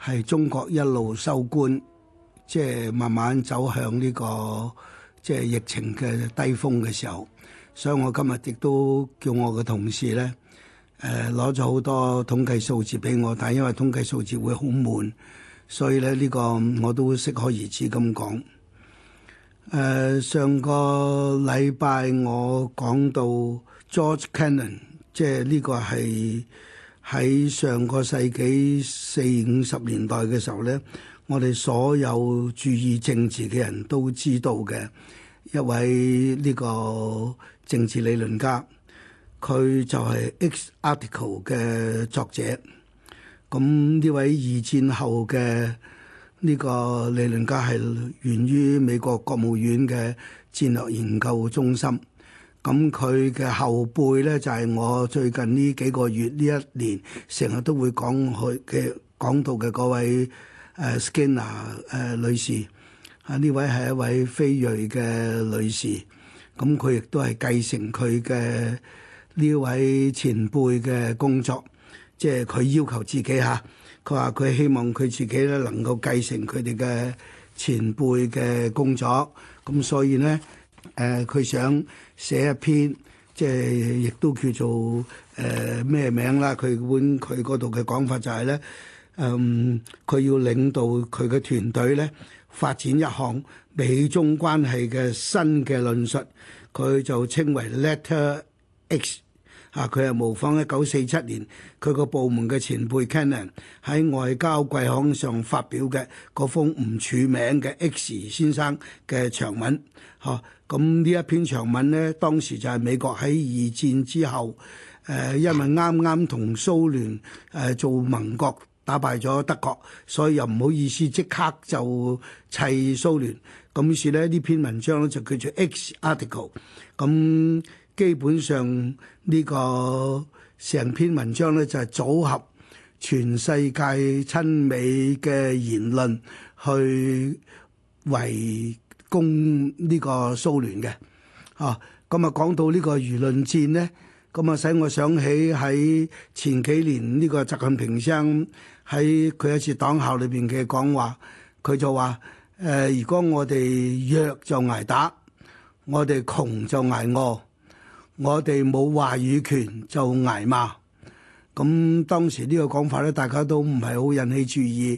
係中國一路收官，即係慢慢走向呢個即係疫情嘅低峯嘅時候，所以我今日亦都叫我嘅同事咧，誒攞咗好多統計數字俾我，但係因為統計數字會好悶，所以咧呢個我都適可而止咁講。誒上個禮拜我講到 George Kennan，即係呢個係。喺上個世紀四五十年代嘅時候咧，我哋所有注意政治嘅人都知道嘅一位呢個政治理論家，佢就係《X Article》嘅作者。咁呢位二戰後嘅呢個理論家係源於美國國務院嘅戰略研究中心。咁佢嘅後輩咧，就係、是、我最近呢幾個月呢一年，成日都會講去嘅講到嘅嗰位誒 Skinner 誒女士，啊呢位係一位非裔嘅女士，咁佢亦都係繼承佢嘅呢位前輩嘅工作，即係佢要求自己嚇，佢話佢希望佢自己咧能夠繼承佢哋嘅前輩嘅工作，咁所以咧。誒佢想寫一篇，即係亦都叫做誒咩、呃、名啦？佢本佢嗰度嘅講法就係、是、咧，嗯，佢要領導佢嘅團隊咧，發展一項美中關係嘅新嘅論述，佢就稱為 Letter X。啊！佢係模仿一九四七年佢個部門嘅前輩 Kennan 喺外交季刊上發表嘅嗰封唔署名嘅 X 先生嘅長文。嚇、啊！咁、嗯、呢一篇長文呢，當時就係美國喺二戰之後，誒、呃、因為啱啱同蘇聯誒、呃、做盟國，打敗咗德國，所以又唔好意思即刻就砌蘇聯。咁於是咧呢篇文章就叫做 X article、嗯。咁基本上呢個成篇文章咧就係、是、組合全世界親美嘅言論去圍攻呢個蘇聯嘅。哦、啊，咁、嗯、啊講到呢個輿論戰咧，咁、嗯、啊使我想起喺前幾年呢個習近平先生喺佢一次黨校裏邊嘅講話，佢就話：誒、呃，如果我哋弱就捱打，我哋窮就捱餓。我哋冇話語權就捱罵，咁、嗯、當時呢個講法咧，大家都唔係好引起注意。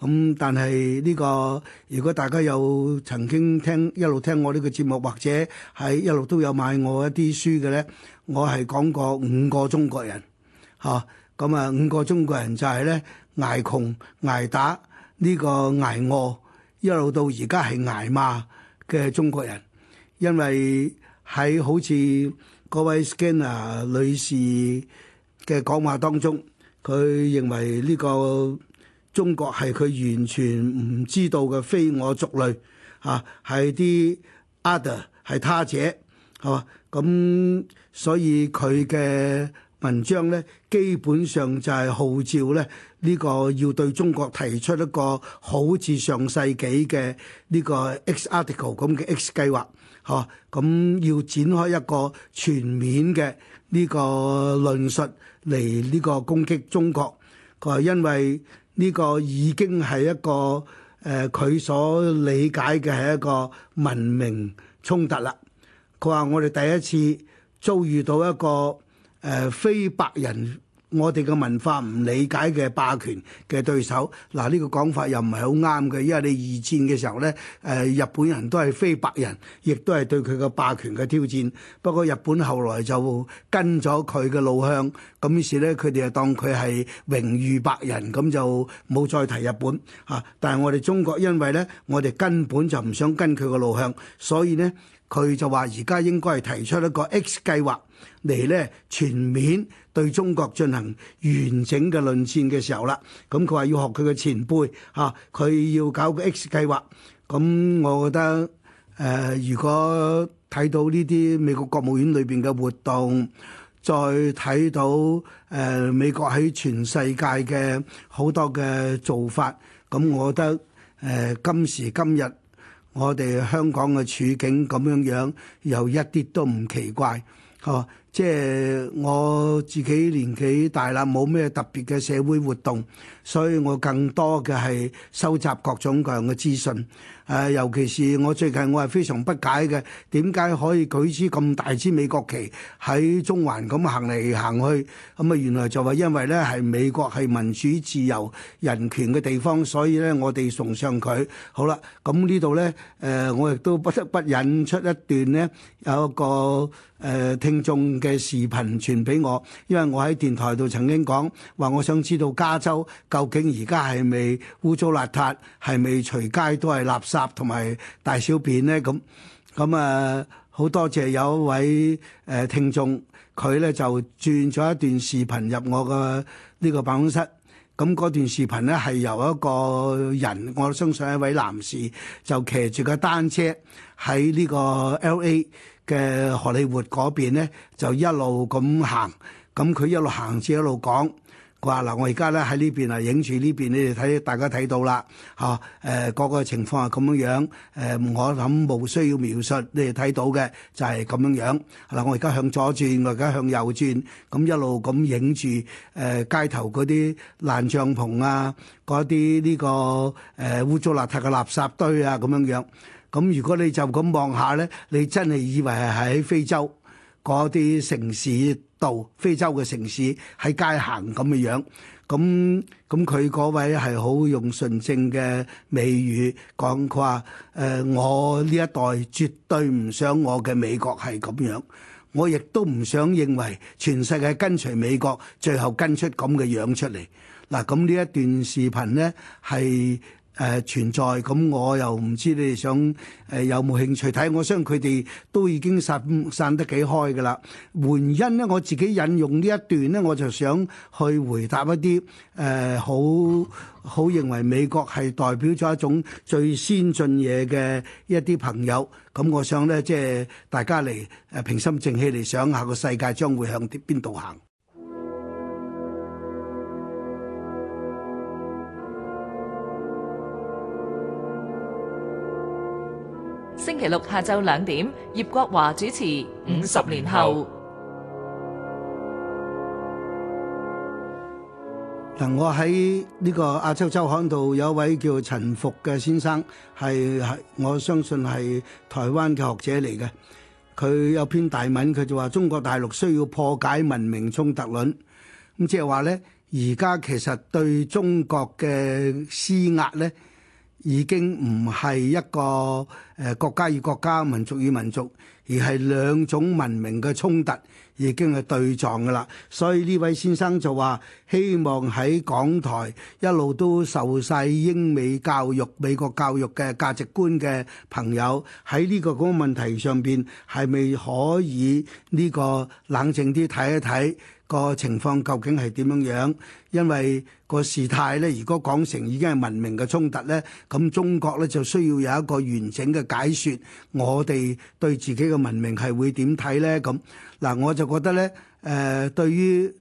咁、嗯、但係呢、呢個，如果大家有曾經聽一路聽我呢個節目，或者係一路都有買我一啲書嘅咧，我係講過五個中國人，嚇咁啊、嗯、五個中國人就係咧捱窮、捱打呢、呢個捱餓，一路到而家係捱罵嘅中國人，因為喺好似。嗰位 scanner 女士嘅講話當中，佢認為呢個中國係佢完全唔知道嘅非我族類，嚇係啲 other 係他者，係嘛？咁所以佢嘅文章咧，基本上就係號召咧呢個要對中國提出一個好似上世紀嘅呢個 X article 咁嘅 X 計劃。嚇！咁要展開一個全面嘅呢個論述嚟呢個攻擊中國，佢話因為呢個已經係一個誒佢、呃、所理解嘅係一個文明衝突啦。佢話我哋第一次遭遇到一個誒、呃、非白人。我哋嘅文化唔理解嘅霸權嘅對手，嗱呢個講法又唔係好啱嘅，因為你二戰嘅時候咧，誒，日本人都係非白人，亦都係對佢嘅霸權嘅挑戰。不過日本後來就跟咗佢嘅路向，咁於是咧佢哋就當佢係榮譽白人，咁就冇再提日本啊。但係我哋中國，因為咧，我哋根本就唔想跟佢嘅路向，所以咧佢就話而家應該係提出一個 X 計劃嚟咧全面對中國進行完整嘅論戰嘅時候啦，咁佢話要學佢嘅前輩嚇，佢要搞個 X 計劃。咁我覺得誒，如果睇到呢啲美國國務院裏邊嘅活動，再睇到誒美國喺全世界嘅好多嘅做法，咁我覺得誒今時今日我哋香港嘅處境咁樣樣，又一啲都唔奇怪，嚇。即係，我自己年紀大啦，冇咩特別嘅社會活動，所以我更多嘅係收集各種各樣嘅資訊，尤其是我最近我係非常不解嘅，點解可以舉止咁大支美國旗，喺中環咁行嚟行去，咁原來就話，因為呢，係美國係民主自由人權嘅地方，所以呢，我哋崇尚佢。好啦，咁呢度呢，呃，我亦都不得不引出一段呢，有一個，誒聽眾嘅視頻傳俾我，因為我喺電台度曾經講話，我想知道加州究竟而家係咪污糟邋遢，係咪隨街都係垃圾同埋大小便呢？咁咁啊，好多謝有一位誒、呃、聽眾，佢咧就轉咗一段視頻入我個呢個辦公室。咁嗰段視頻呢係由一個人，我相信一位男士，就騎住個單車喺呢個 L.A. 嘅荷里活嗰邊咧，就一路咁行，咁佢一路行至一路講，佢話嗱我而家咧喺呢邊啊，影住呢邊，你哋睇，大家睇到啦，吓、啊，誒、呃、嗰個、個情況係咁樣樣，誒、呃、我諗冇需要描述，你哋睇到嘅就係咁樣樣，嗱、啊、我而家向左轉，我而家向右轉，咁一路咁影住誒街頭嗰啲爛帳篷啊，嗰啲呢個誒污糟邋遢嘅垃圾堆啊，咁樣樣。咁如果你就咁望下呢，你真係以為係喺非洲嗰啲城市度，非洲嘅城市喺街行咁嘅樣。咁咁佢嗰位係好用純正嘅美語講，佢話：誒、呃，我呢一代絕對唔想我嘅美國係咁樣，我亦都唔想認為全世界跟隨美國，最後跟出咁嘅樣出嚟。嗱，咁呢一段視頻呢係。誒、呃、存在咁、嗯，我又唔知你哋想誒、呃、有冇興趣睇。我相信佢哋都已經散散得幾開噶啦。原因呢，我自己引用呢一段呢，我就想去回答一啲誒、呃、好好認為美國係代表咗一種最先進嘢嘅一啲朋友。咁、嗯、我想咧，即、就、係、是、大家嚟誒、呃、平心靜氣嚟想下個世界將會向邊邊度行。星期六下晝兩點，葉國華主持《五十年後》。嗱， 我喺呢個亞洲周刊度有一位叫陳福嘅先生，係係我相信係台灣嘅學者嚟嘅。佢有篇大文，佢就話中國大陸需要破解文明衝突論。咁即係話咧，而家其實對中國嘅施壓咧，已經唔係一個誒國家與國家、民族與民族，而係兩種文明嘅衝突，已經係對撞㗎啦。所以呢位先生就話：希望喺港台一路都受晒英美教育、美國教育嘅價值觀嘅朋友，喺呢個嗰個問題上邊，係咪可以呢個冷靜啲睇一睇？個情況究竟係點樣樣？因為個事態呢，如果講成已經係文明嘅衝突呢，咁中國呢就需要有一個完整嘅解說。我哋對自己嘅文明係會點睇呢？咁嗱，我就覺得呢，誒，對於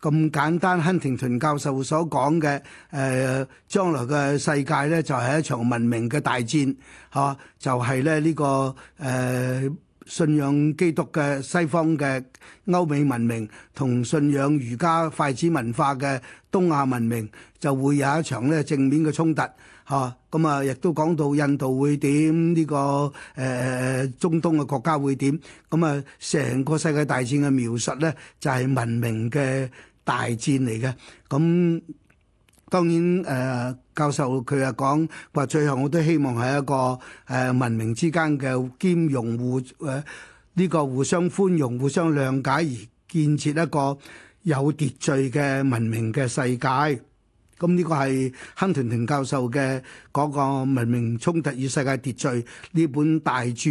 咁簡單，亨廷頓教授所講嘅誒，將來嘅世界呢，就係一場文明嘅大戰，嚇，就係呢呢個誒。信仰基督嘅西方嘅歐美文明，同信仰儒家筷子文化嘅東亞文明，就會有一場呢正面嘅衝突嚇。咁啊，亦、嗯、都講到印度會點呢？呢個誒、呃、中東嘅國家會點。咁、嗯、啊，成個世界大戰嘅描述呢，就係、是、文明嘅大戰嚟嘅。咁、嗯。當然，誒、呃、教授佢又講話，最後我都希望係一個誒、呃、文明之間嘅兼容互誒呢、呃這個互相寬容、互相諒解而建設一個有秩序嘅文明嘅世界。咁、嗯、呢、這個係亨廷頓教授嘅嗰個《文明衝突與世界秩序》呢本大著，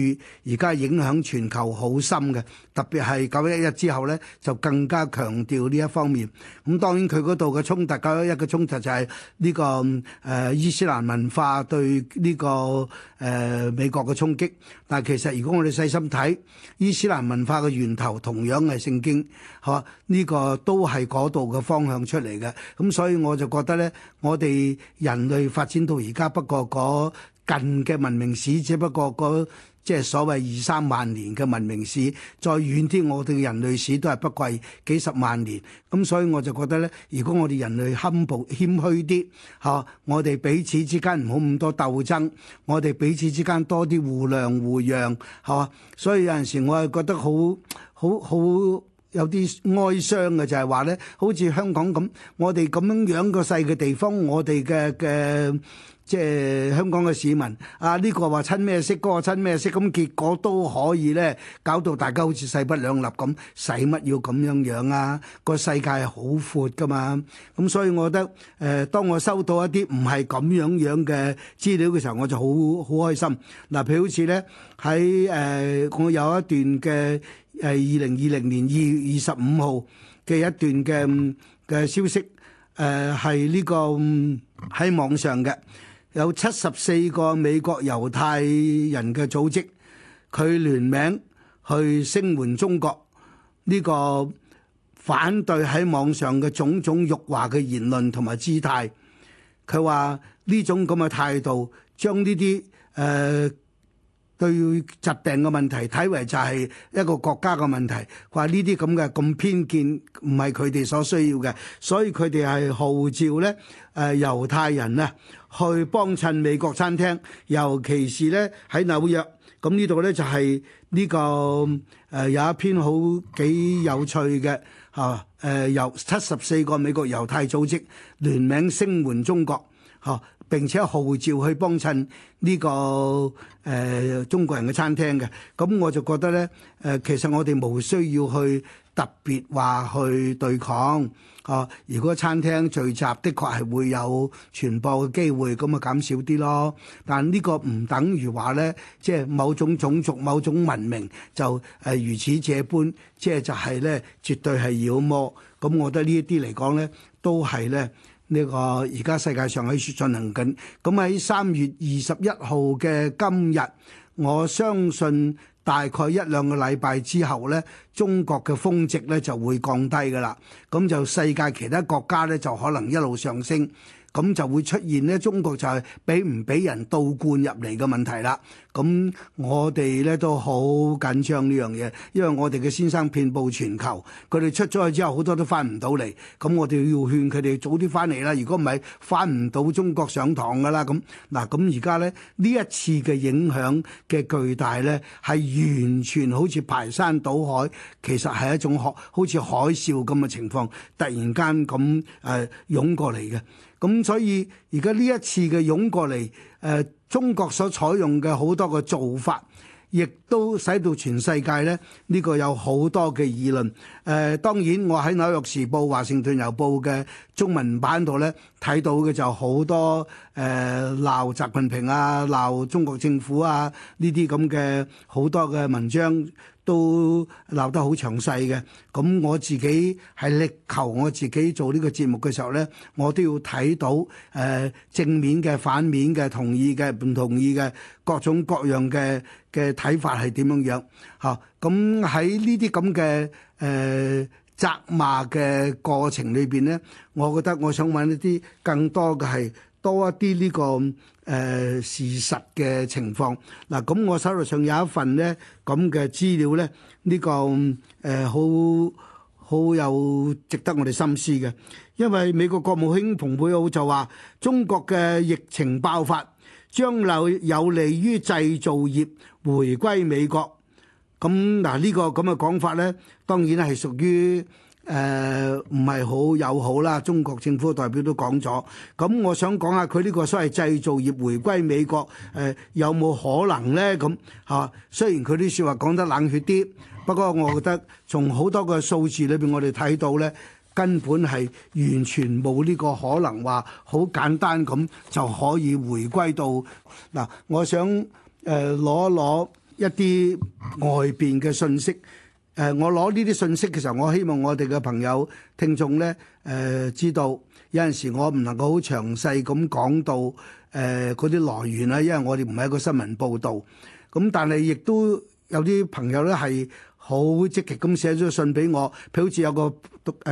而家影響全球好深嘅。特別係九一一之後咧，就更加強調呢一方面。咁當然佢嗰度嘅衝突，九一一嘅衝突就係呢、呢個誒、呃、伊斯蘭文化對呢、呢個誒、呃、美國嘅衝擊。但係其實如果我哋細心睇，伊斯蘭文化嘅源頭同樣係聖經，嚇呢、呢個都係嗰度嘅方向出嚟嘅。咁所以我就覺得咧，我哋人類發展到而家不過、嗰個近嘅文明史只不過嗰即係所謂二三萬年嘅文明史，再遠啲我哋人類史都係不過幾十萬年，咁所以我就覺得呢：如果我哋人類 humble 謙虛啲，嚇我哋彼此之間唔好咁多鬥爭，我哋彼此之間多啲互諒互讓，嚇，所以有陣時我係覺得好好好有啲哀傷嘅，就係、是、話呢，好似香港咁，我哋咁樣樣個細嘅地方，我哋嘅嘅。即係、呃、香港嘅市民，啊呢、這個話親咩色，嗰、那個親咩色，咁結果都可以咧，搞到大家好似勢不兩立咁，使乜要咁樣樣啊？個世界好闊噶嘛，咁所以我覺得，誒、呃、當我收到一啲唔係咁樣樣嘅資料嘅時候，我就好好開心。嗱、啊，譬如好似咧喺誒，我有一段嘅誒二零二零年二月二十五號嘅一段嘅嘅消息，誒係呢個喺網上嘅。有七十四個美國猶太人嘅組織，佢聯名去聲援中國呢個反對喺網上嘅種種辱華嘅言論同埋姿態。佢話呢種咁嘅態度，將呢啲誒對疾病嘅問題睇為就係一個國家嘅問題。話呢啲咁嘅咁偏見唔係佢哋所需要嘅，所以佢哋係號召咧誒猶太人啊！去幫襯美國餐廳，尤其是呢喺紐約咁呢度呢，嗯、就係呢、呢個誒、呃、有一篇好幾有趣嘅嚇誒由七十四個美國猶太組織聯名聲援中國嚇、呃，並且號召去幫襯呢個誒、呃、中國人嘅餐廳嘅。咁、嗯、我就覺得呢，誒、呃，其實我哋無需要去特別話去對抗。哦，如果餐廳聚集，的確係會有傳播嘅機會，咁啊減少啲咯。但呢個唔等於話呢，即係某種種族、某種文明就係如此這般，即係就係呢，絕對係妖魔。咁我覺得呢一啲嚟講呢，都係呢，呢個而家世界上喺處進行緊。咁喺三月二十一號嘅今日，我相信。大概一兩個禮拜之後呢，中國嘅峰值呢就會降低㗎喇，咁就世界其他國家呢，就可能一路上升。咁就會出現咧，中國就係俾唔俾人倒灌入嚟嘅問題啦。咁我哋咧都好緊張呢樣嘢，因為我哋嘅先生遍佈全球，佢哋出咗去之後，好多都翻唔到嚟。咁我哋要勸佢哋早啲翻嚟啦。如果唔係，翻唔到中國上堂噶啦。咁嗱，咁而家咧呢一次嘅影響嘅巨大咧，係完全好似排山倒海，其實係一種海好似海嘯咁嘅情況，突然間咁誒、呃、湧過嚟嘅。咁所以而家呢一次嘅湧過嚟，誒、呃，中國所採用嘅好多嘅做法，亦都使到全世界咧，呢、這個有好多嘅議論誒、呃。當然我喺紐約時報華盛頓郵報嘅中文版度咧，睇到嘅就好多誒、鬧、呃、習近平啊、鬧中國政府啊呢啲咁嘅好多嘅文章。都鬧得好詳細嘅，咁我自己係力求我自己做呢個節目嘅時候咧，我都要睇到誒、呃、正面嘅、反面嘅、同意嘅、唔同意嘅各種各樣嘅嘅睇法係點樣這這樣嚇。咁喺呢啲咁嘅誒責罵嘅過程裏邊咧，我覺得我想揾一啲更多嘅係。多一啲呢、這個誒、呃、事實嘅情況，嗱、啊、咁我手頭上有一份呢咁嘅資料呢呢、這個誒好好有值得我哋深思嘅，因為美國國務卿蓬佩奧就話中國嘅疫情爆發將有有利於製造業回歸美國，咁嗱呢個咁嘅講法呢，當然係屬於。誒唔係好友好啦，中國政府代表都講咗。咁我想講下佢呢個所謂製造業回歸美國，誒、呃、有冇可能呢？咁嚇、啊，雖然佢啲説話講得冷血啲，不過我覺得從好多個數字裏邊，我哋睇到呢，根本係完全冇呢個可能話，好簡單咁就可以回歸到嗱。我想誒攞一攞一啲外邊嘅信息。誒，我攞呢啲信息嘅時候，我希望我哋嘅朋友、聽眾咧，誒、呃、知道有陣時我唔能夠好詳細咁講到誒嗰啲來源啦，因為我哋唔係一個新聞報道。咁但係亦都有啲朋友咧係好積極咁寫咗信俾我，譬如好似有個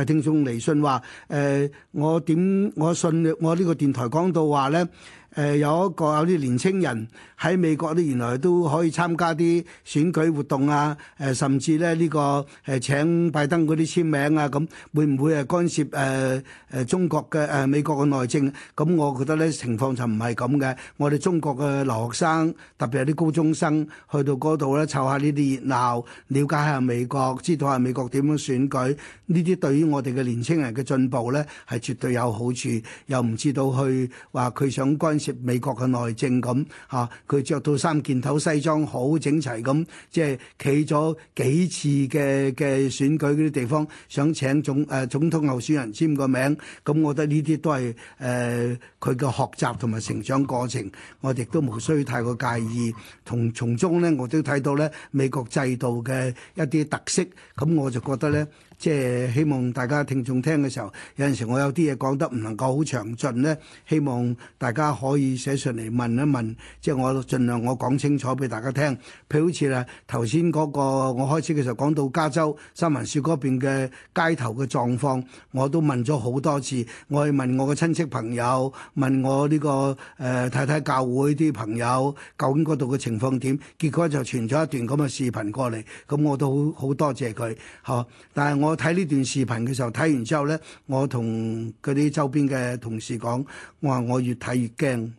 誒聽眾嚟信話，誒、呃、我點我信我呢個電台講到話咧。誒有一個有啲年青人喺美國咧，原來都可以參加啲選舉活動啊！誒，甚至咧呢個誒請拜登嗰啲簽名啊，咁會唔會誒干涉誒誒中國嘅誒美國嘅內政？咁我覺得咧情況就唔係咁嘅。我哋中國嘅留學生，特別係啲高中生去到嗰度咧，湊下呢啲熱鬧，瞭解下美國，知道下美國點樣選舉。呢啲對於我哋嘅年青人嘅進步咧，係絕對有好處，又唔知道去話佢想關。美國嘅內政咁吓，佢着到三件頭西裝，好整齊咁，即係企咗幾次嘅嘅選舉嗰啲地方，想請總誒、呃、總統候選人簽個名，咁、嗯、我覺得呢啲都係誒佢嘅學習同埋成長過程，我哋都無需太過介意，從從中呢，我都睇到呢美國制度嘅一啲特色，咁、嗯、我就覺得呢。即係希望大家聽眾聽嘅時候，有陣時我有啲嘢講得唔能夠好詳盡咧，希望大家可以寫上嚟問一問，即係我儘量我講清楚俾大家聽。譬如好似啊，頭先嗰個我開始嘅時候講到加州三文樹嗰邊嘅街頭嘅狀況，我都問咗好多次，我去問我嘅親戚朋友，問我呢個誒太太教會啲朋友究竟嗰度嘅情況點，結果就傳咗一段咁嘅視頻過嚟，咁我都好好多謝佢嚇。但係我。我睇呢段視頻嘅時候，睇完之後呢，我同嗰啲周邊嘅同事講，我話我越睇越驚。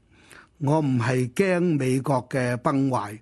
我唔係驚美國嘅崩壞，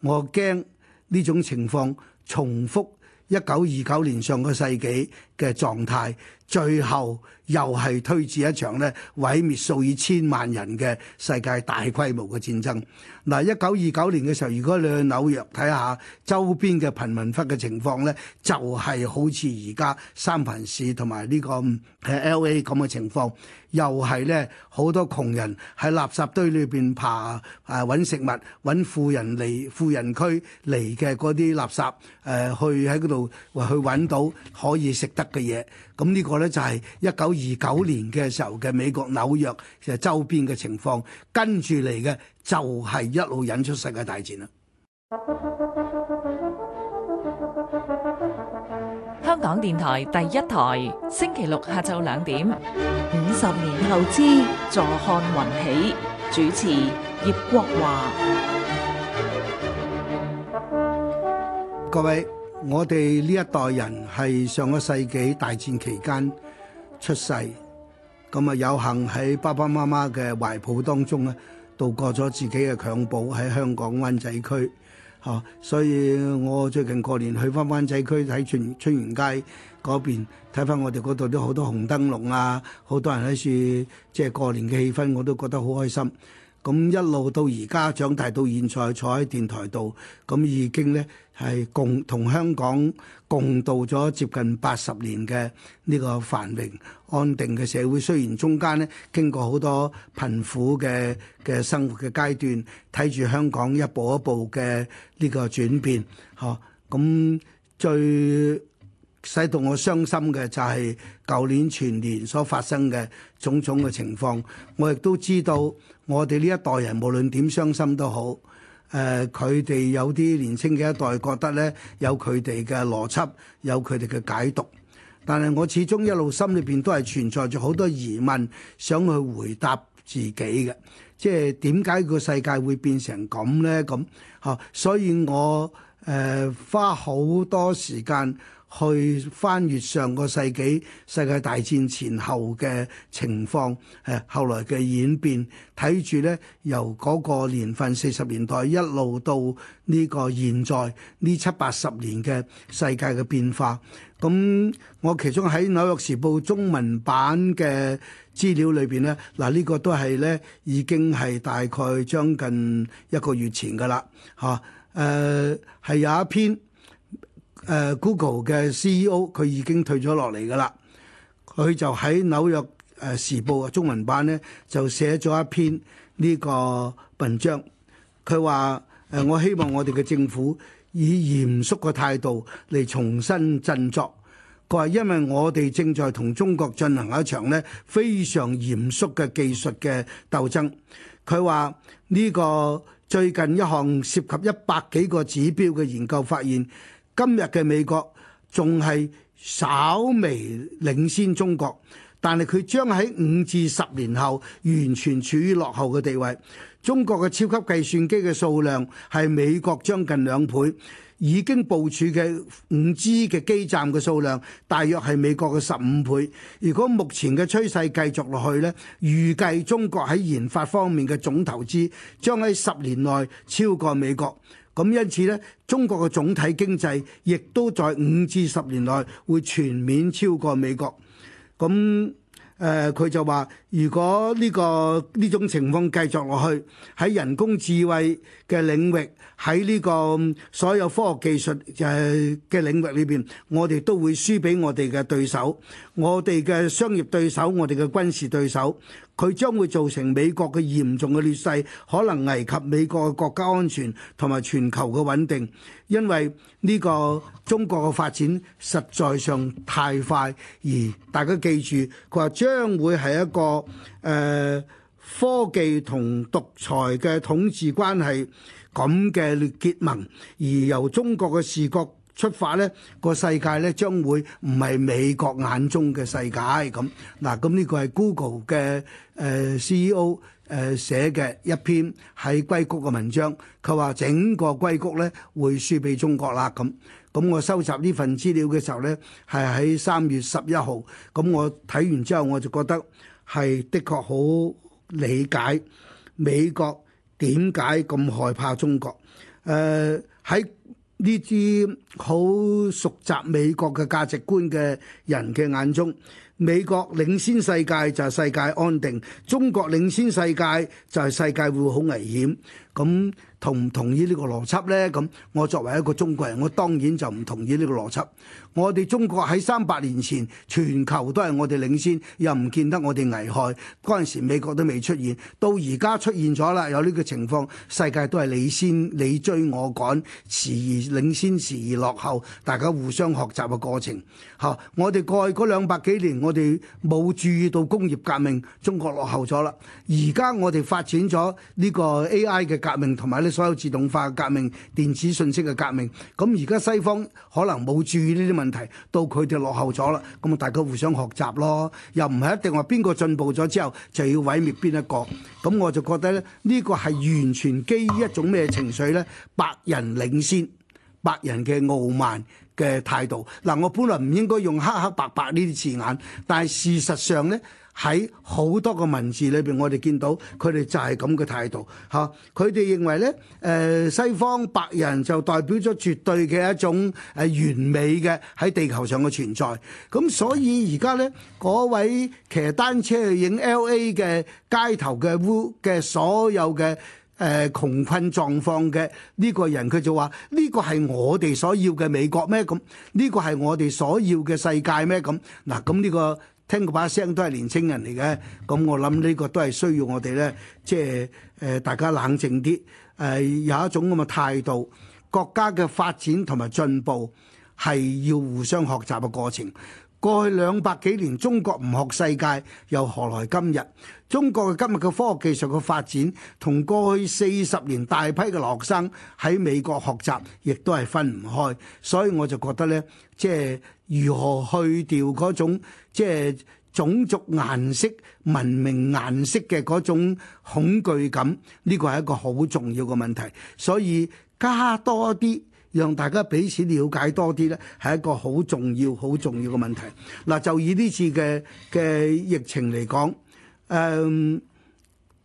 我驚呢種情況重複一九二九年上個世紀嘅狀態，最後。又係推展一場咧，毀滅數以千萬人嘅世界大規模嘅戰爭。嗱，一九二九年嘅時候，如果你去紐約睇下周邊嘅貧民窟嘅情況咧，就係、是、好似而家三藩市同埋呢個誒 L.A. 咁嘅情況，又係咧好多窮人喺垃圾堆裏邊爬誒揾、啊、食物，揾富人嚟富人區嚟嘅啲垃圾誒、啊、去喺度去揾到可以食得嘅嘢。咁呢個咧就係一九。二九年嘅時候嘅美國紐約嘅周邊嘅情況，跟住嚟嘅就係一路引出世界大戰啦。香港電台第一台，星期六下晝兩點，五十年後知坐看雲起，主持葉國華。各位，我哋呢一代人係上個世紀大戰期間出世咁啊，有幸喺爸爸媽媽嘅懷抱當中啊，度過咗自己嘅襁褓喺香港灣仔區，嚇！所以我最近過年去翻灣仔區喺春春園街嗰邊，睇翻我哋嗰度都好多紅燈籠啊，好多人喺處，即係過年嘅氣氛，我都覺得好開心。咁一路到而家，長大到現在，坐喺電台度，咁已經咧係共同香港共度咗接近八十年嘅呢個繁榮安定嘅社會。雖然中間咧經過好多貧苦嘅嘅生活嘅階段，睇住香港一步一步嘅呢個轉變，嚇咁最使到我傷心嘅就係舊年全年所發生嘅種種嘅情況。我亦都知道，我哋呢一代人無論點傷心都好，誒佢哋有啲年輕嘅一代覺得呢有佢哋嘅邏輯，有佢哋嘅解讀。但係我始終一路心裏邊都係存在住好多疑問，想去回答自己嘅，即係點解個世界會變成咁呢？咁嚇、啊，所以我誒、呃、花好多時間。去翻閱上個世紀世界大戰前後嘅情況，誒後來嘅演變，睇住咧由嗰個年份四十年代一路到呢個現在呢七八十年嘅世界嘅變化。咁我其中喺紐約時報中文版嘅資料裏邊咧，嗱、啊、呢、呢個都係咧已經係大概將近一個月前噶啦，吓、啊，誒、呃、係有一篇。Google 嘅 CEO 佢已經退咗落嚟㗎啦。佢就喺紐約誒時報啊中文版呢，就寫咗一篇呢個文章。佢話誒我希望我哋嘅政府以嚴肅嘅態度嚟重新振作。佢話因為我哋正在同中國進行一場咧非常嚴肅嘅技術嘅鬥爭。佢話呢個最近一項涉及一百幾個指標嘅研究發現。今日嘅美國仲係稍微領先中國，但係佢將喺五至十年後完全處於落後嘅地位。中國嘅超級計算機嘅數量係美國將近兩倍，已經部署嘅五 G 嘅基站嘅數量大約係美國嘅十五倍。如果目前嘅趨勢繼續落去咧，預計中國喺研發方面嘅總投資將喺十年內超過美國。咁因此咧，中國嘅總體經濟亦都在五至十年內會全面超過美國。咁誒，佢、呃、就話：如果呢、呢個呢種情況繼續落去，喺人工智慧嘅領域，喺呢個所有科學技術嘅嘅領域裏邊，我哋都會輸俾我哋嘅對手，我哋嘅商業對手，我哋嘅軍事對手。佢將會造成美國嘅嚴重嘅劣勢，可能危及美國嘅國家安全同埋全球嘅穩定。因為呢個中國嘅發展實在上太快，而大家記住，佢話將會係一個誒、呃、科技同獨裁嘅統治關係咁嘅結盟，而由中國嘅視角出發呢個世界呢將會唔係美國眼中嘅世界咁。嗱，咁呢個係 Google 嘅誒 CEO 誒寫嘅一篇喺硅谷嘅文章。佢話整個硅谷呢會輸畀中國啦咁。咁我收集呢份資料嘅時候呢，係喺三月十一號。咁我睇完之後，我就覺得係的確好理解美國點解咁害怕中國。誒喺呢啲好熟習美國嘅價值觀嘅人嘅眼中，美國領先世界就係世界安定，中國領先世界就係世界會好危險。咁同唔同意呢個邏輯咧？咁我作為一個中國人，我當然就唔同意呢個邏輯。我哋中國喺三百年前全球都係我哋領先，又唔見得我哋危害。嗰陣時美國都未出現，到而家出現咗啦，有呢個情況，世界都係你先你追我趕，時而領先，時而落後，大家互相學習嘅過程。吓，我哋過去嗰兩百幾年，我哋冇注意到工業革命，中國落後咗啦。而家我哋發展咗呢個 AI 嘅。革命同埋啲所有自動化革命、電子信息嘅革命，咁而家西方可能冇注意呢啲問題，到佢哋落後咗啦。咁啊，大家互相學習咯，又唔係一定話邊個進步咗之後就要毀滅邊一個。咁我就覺得咧，呢個係完全基於一種咩情緒呢？白人領先、白人嘅傲慢嘅態度。嗱，我本來唔應該用黑黑白白呢啲字眼，但係事實上呢。喺好多個文字裏邊，我哋見到佢哋就係咁嘅態度，嚇佢哋認為咧，誒、呃、西方白人就代表咗絕對嘅一種誒完美嘅喺地球上嘅存在。咁所以而家呢，嗰位騎單車去影 L.A. 嘅街頭嘅污嘅所有嘅誒、呃、窮困狀況嘅呢個人，佢就話：呢個係我哋所要嘅美國咩？咁呢個係我哋所要嘅世界咩？咁嗱，咁呢個。聽個把聲都係年青人嚟嘅，咁我諗呢個都係需要我哋呢，即係、呃、大家冷靜啲，誒、呃、有一種咁嘅態度。國家嘅發展同埋進步係要互相學習嘅過程。過去兩百幾年中國唔學世界，又何來今日？中國嘅今日嘅科學技術嘅發展，同過去四十年大批嘅學生喺美國學習，亦都係分唔開。所以我就覺得呢，即係如何去掉嗰種。即係種族顏色、文明顏色嘅嗰種恐懼感，呢、這個係一個好重要嘅問題。所以加多啲，讓大家彼此了解多啲，呢係一個好重要、好重要嘅問題。嗱，就以呢次嘅嘅疫情嚟講，誒、嗯，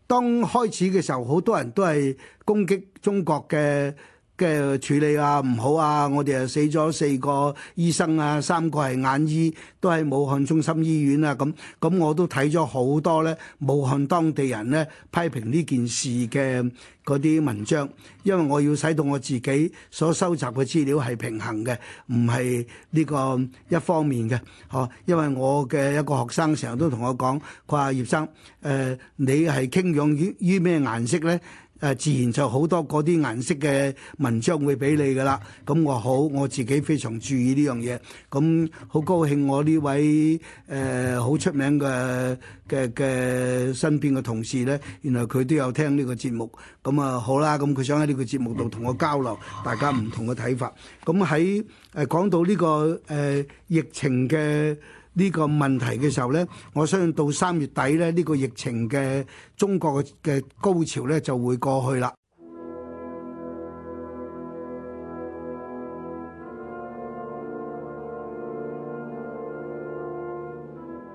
當開始嘅時候，好多人都係攻擊中國嘅。嘅處理啊唔好啊，我哋啊死咗四個醫生啊，三個係眼醫，都喺武漢中心醫院啊咁，咁我都睇咗好多呢武漢當地人呢批評呢件事嘅嗰啲文章，因為我要使到我自己所收集嘅資料係平衡嘅，唔係呢個一方面嘅，哦、啊，因為我嘅一個學生成日都同我講，佢話葉生，誒、呃、你係傾養於於咩顏色呢？」誒自然就好多嗰啲顏色嘅文章會俾你㗎喇。咁我好我自己非常注意呢樣嘢。咁好高興我，我呢位誒好出名嘅嘅嘅身邊嘅同事呢，原來佢都有聽呢個節目。咁啊好啦，咁佢想喺呢個節目度同我交流，大家唔同嘅睇法。咁喺誒講到呢個誒、呃、疫情嘅。呢個問題嘅時候咧，我相信到三月底咧，呢個疫情嘅中國嘅嘅高潮咧就會過去啦。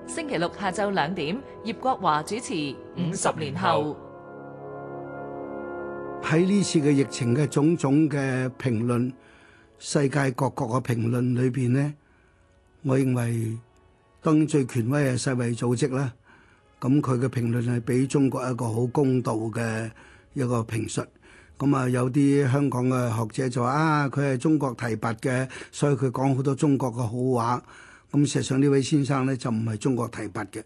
星期六下晝兩點，葉國華主持《五十年後》。喺呢次嘅疫情嘅種種嘅評論，世界各國嘅評論裏邊咧，我認為。登最權威嘅世衛組織啦，咁佢嘅評論係俾中國一個好公道嘅一個評述。咁啊，有啲香港嘅學者就話啊，佢係中國提拔嘅，所以佢講好多中國嘅好話。咁事實上呢位先生咧就唔係中國提拔嘅，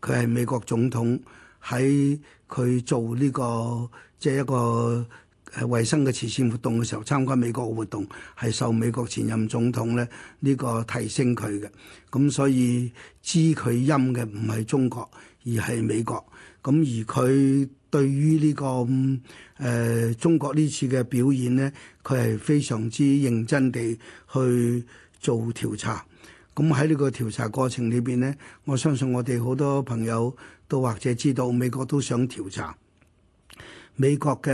佢係美國總統喺佢做呢個即係一個。誒，衞生嘅慈善活動嘅時候，參加美國嘅活動係受美國前任總統咧呢、呢個提升佢嘅，咁所以知佢陰嘅唔係中國，而係美國。咁而佢對於呢、呢個誒、呃、中國呢次嘅表演呢，佢係非常之認真地去做調查。咁喺呢個調查過程裏邊呢，我相信我哋好多朋友都或者知道美國都想調查。美國嘅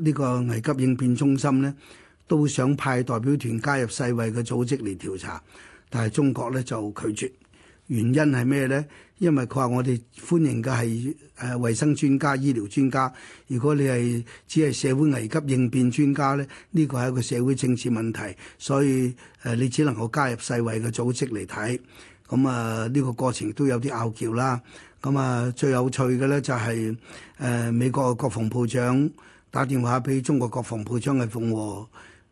呢個危急應變中心咧，都想派代表團加入世衛嘅組織嚟調查，但係中國咧就拒絕。原因係咩咧？因為佢話我哋歡迎嘅係誒衞生專家、醫療專家。如果你係只係社會危急應變專家咧，呢個係一個社會政治問題，所以誒你只能夠加入世衛嘅組織嚟睇。咁啊，呢個過程都有啲拗撬啦。咁啊，最有趣嘅咧就係、是、誒、呃、美國國防部長打電話俾中國國防部長魏鳳和。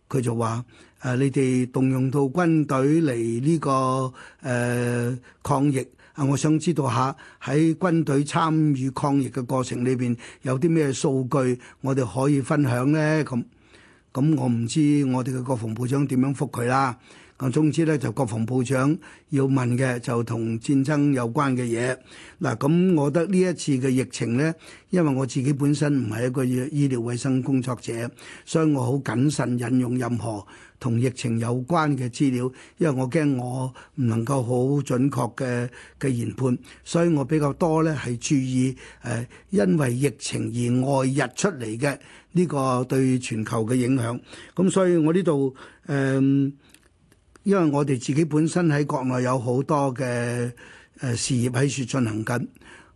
佢就話：誒、呃、你哋動用到軍隊嚟呢、這個誒、呃、抗疫，啊、呃、我想知道下喺軍隊參與抗疫嘅過程裏邊有啲咩數據，我哋可以分享咧。咁咁我唔知我哋嘅國防部長點樣覆佢啦。咁總之咧，就國防部長要問嘅就同戰爭有關嘅嘢。嗱咁，我覺得呢一次嘅疫情呢，因為我自己本身唔係一個醫療衛生工作者，所以我好謹慎引用任何同疫情有關嘅資料，因為我驚我唔能夠好準確嘅嘅研判，所以我比較多呢係注意誒、呃，因為疫情而外溢出嚟嘅呢個對全球嘅影響。咁所以我呢度誒。呃因為我哋自己本身喺國內有好多嘅誒事業喺處進行緊，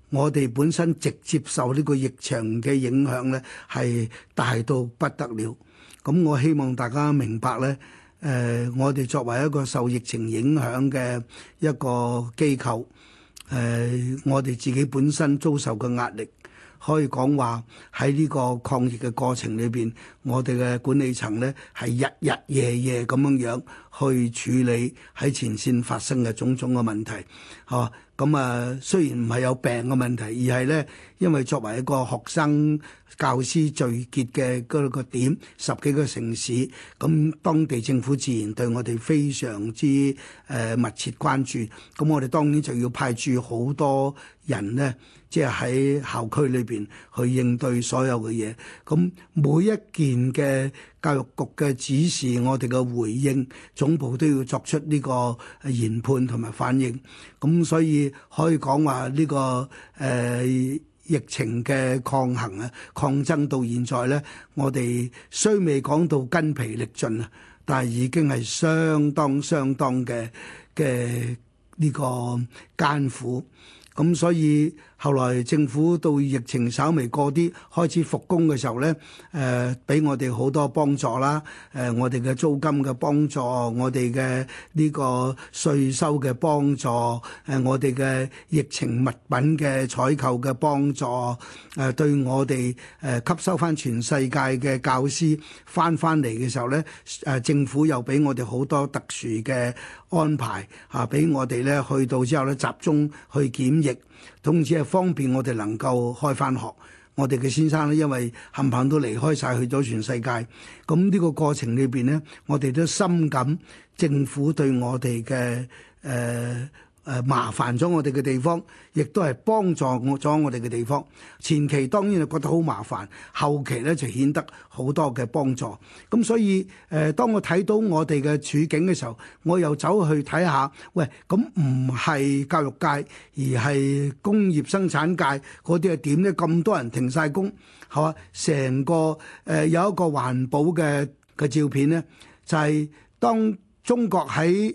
我哋本身直接受呢個疫情嘅影響咧，係大到不得了。噉我希望大家明白咧，誒我哋作為一個受疫情影響嘅一個機構，誒我哋自己本身遭受嘅壓力。可以講話喺呢個抗疫嘅過程裏邊，我哋嘅管理層呢係日日夜夜咁樣樣去處理喺前線發生嘅種種嘅問題。哦、啊，咁、嗯、啊，雖然唔係有病嘅問題，而係呢，因為作為一個學生教師聚結嘅嗰個點，十幾個城市，咁、嗯、當地政府自然對我哋非常之誒、呃、密切關注。咁、嗯、我哋當然就要派駐好多人呢。即係喺校區裏邊去應對所有嘅嘢，咁每一件嘅教育局嘅指示，我哋嘅回應總部都要作出呢個研判同埋反應。咁所以可以講話呢個誒、呃、疫情嘅抗衡啊、抗爭到現在咧，我哋雖未講到筋疲力盡啊，但係已經係相當相當嘅嘅呢個艱苦。咁所以，後來政府到疫情稍微過啲，開始復工嘅時候咧，誒、呃、俾我哋好多幫助啦。誒、呃、我哋嘅租金嘅幫助，我哋嘅呢個稅收嘅幫助，誒、呃、我哋嘅疫情物品嘅採購嘅幫助，誒、呃、對我哋誒、呃、吸收翻全世界嘅教師翻翻嚟嘅時候咧，誒、呃、政府又俾我哋好多特殊嘅安排嚇，俾、啊、我哋咧去到之後咧集中去檢疫。總之係方便我哋能夠開返學，我哋嘅先生咧，因為冚唪唥都離開晒，去咗全世界。咁呢個過程裏邊呢，我哋都深感政府對我哋嘅誒、呃誒麻煩咗我哋嘅地方，亦都係幫助我咗我哋嘅地方。前期當然係覺得好麻煩，後期咧就顯得好多嘅幫助。咁所以誒、呃，當我睇到我哋嘅處境嘅時候，我又走去睇下，喂，咁唔係教育界，而係工業生產界嗰啲係點咧？咁多人停晒工，係嘛？成個誒、呃、有一個環保嘅嘅照片咧，就係、是、當中國喺，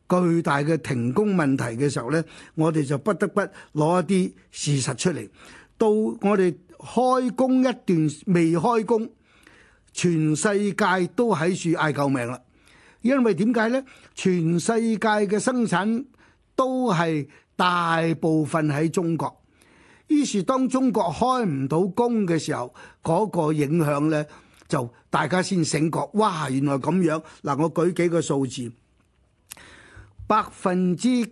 巨大嘅停工問題嘅時候呢，我哋就不得不攞一啲事實出嚟。到我哋開工一段未開工，全世界都喺處嗌救命啦。因為點解呢？全世界嘅生產都係大部分喺中國，於是當中國開唔到工嘅時候，嗰個影響呢，就大家先醒覺，哇！原來咁樣，嗱，我舉幾個數字。百分之誒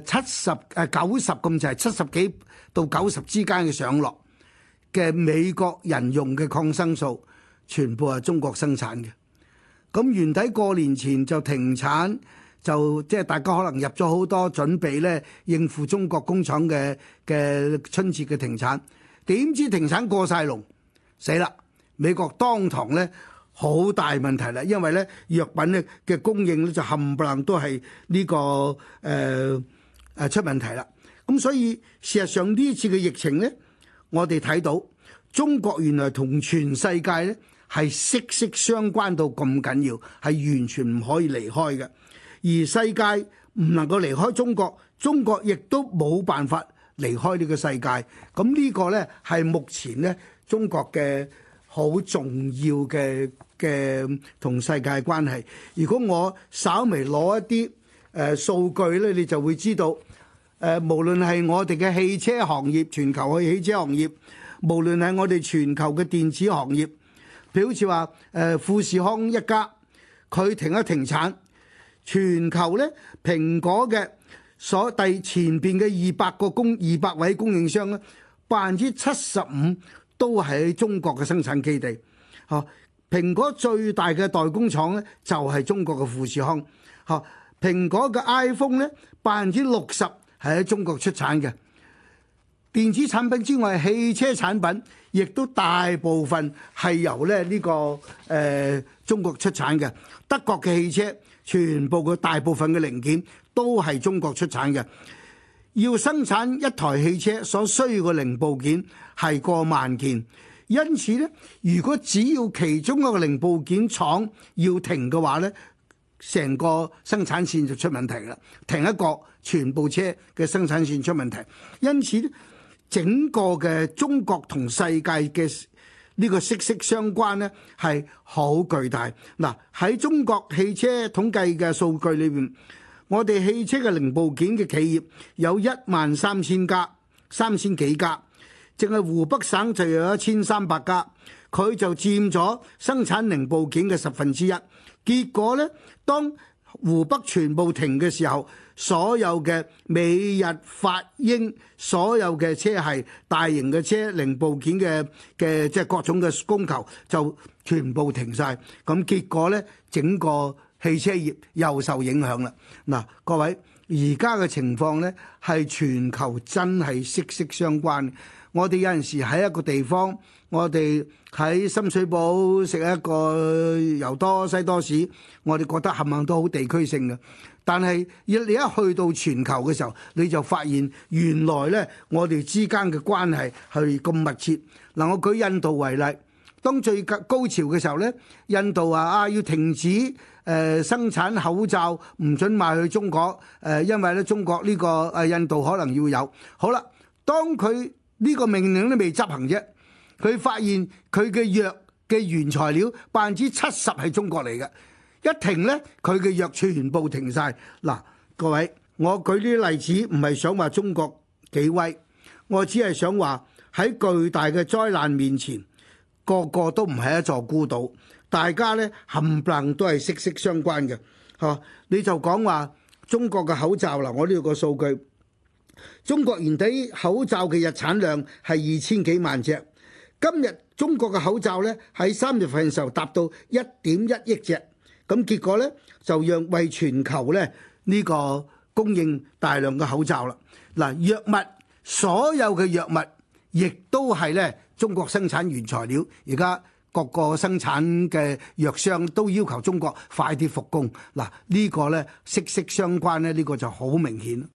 七十誒九十，咁就係七十幾到九十之間嘅上落嘅美國人用嘅抗生素，全部係中國生產嘅。咁原底過年前就停產，就即係大家可能入咗好多準備呢，應付中國工廠嘅嘅春節嘅停產。點知停產過曬龍，死啦！美國當堂呢。好大問題啦，因為呢藥品呢嘅供應呢就冚唪唥都係呢、呢個誒誒、呃、出問題啦。咁所以事實上呢次嘅疫情呢，我哋睇到中國原來同全世界呢係息息相關到咁緊要，係完全唔可以離開嘅。而世界唔能夠離開中國，中國亦都冇辦法離開呢個世界。咁呢個呢，係目前呢中國嘅。好重要嘅嘅同世界關係。如果我稍微攞一啲誒數據咧，你就會知道誒，無論係我哋嘅汽車行業，全球嘅汽車行業，無論係我哋全球嘅電子行業，譬如好似話誒富士康一家佢停一停產，全球咧蘋果嘅所第前邊嘅二百個供二百位供應商咧，百分之七十五，都喺中國嘅生產基地，嚇！蘋果最大嘅代工廠呢就係中國嘅富士康，嚇！蘋果嘅 iPhone 呢百分之六十係喺中國出產嘅。電子產品之外，汽車產品亦都大部分係由咧呢個誒中國出產嘅。德國嘅汽車，全部嘅大部分嘅零件都係中國出產嘅。要生產一台汽車所需要嘅零部件係過萬件，因此咧，如果只要其中一個零部件廠要停嘅話呢，成個生產線就出問題啦。停一個，全部車嘅生產線出問題。因此呢，整個嘅中國同世界嘅呢個息息相關呢，係好巨大。嗱，喺中國汽車統計嘅數據裏邊。我哋汽車嘅零部件嘅企業有一萬三千家，三千幾家，淨係湖北省就有一千三百家，佢就佔咗生產零部件嘅十分之一。結果呢，當湖北全部停嘅時候，所有嘅美日法英所有嘅車系大型嘅車零部件嘅嘅即係各種嘅供求就全部停晒。咁結果呢，整個。汽車業又受影響啦！嗱，各位，而家嘅情況呢，係全球真係息息相關。我哋有陣時喺一個地方，我哋喺深水埗食一個油多西多士，我哋覺得冚唪唥都好地區性嘅。但係要你一去到全球嘅時候，你就發現原來呢，我哋之間嘅關係係咁密切。嗱，我舉印度為例。當最高潮嘅時候呢，印度啊啊要停止誒生產口罩，唔准賣去中國誒，因為咧中國呢個誒印度可能要有。好啦，當佢呢個命令都未執行啫，佢發現佢嘅藥嘅原材料百分之七十係中國嚟嘅，一停呢佢嘅藥全部停晒。嗱，各位，我舉呢啲例子唔係想話中國幾威，我只係想話喺巨大嘅災難面前。個個都唔係一座孤島，大家咧冚唪唥都係息息相關嘅。嚇，你就講話中國嘅口罩啦，我呢度個數據，中國原地口罩嘅日產量係二千幾萬隻，今日中國嘅口罩咧喺三月份嘅時候達到一點一億隻，咁結果咧就讓為全球咧呢個供應大量嘅口罩啦。嗱，藥物所有嘅藥物亦都係咧。中國生產原材料，而家各個生產嘅藥商都要求中國快啲復工。嗱，呢個呢，息息相關咧，呢個就好明顯。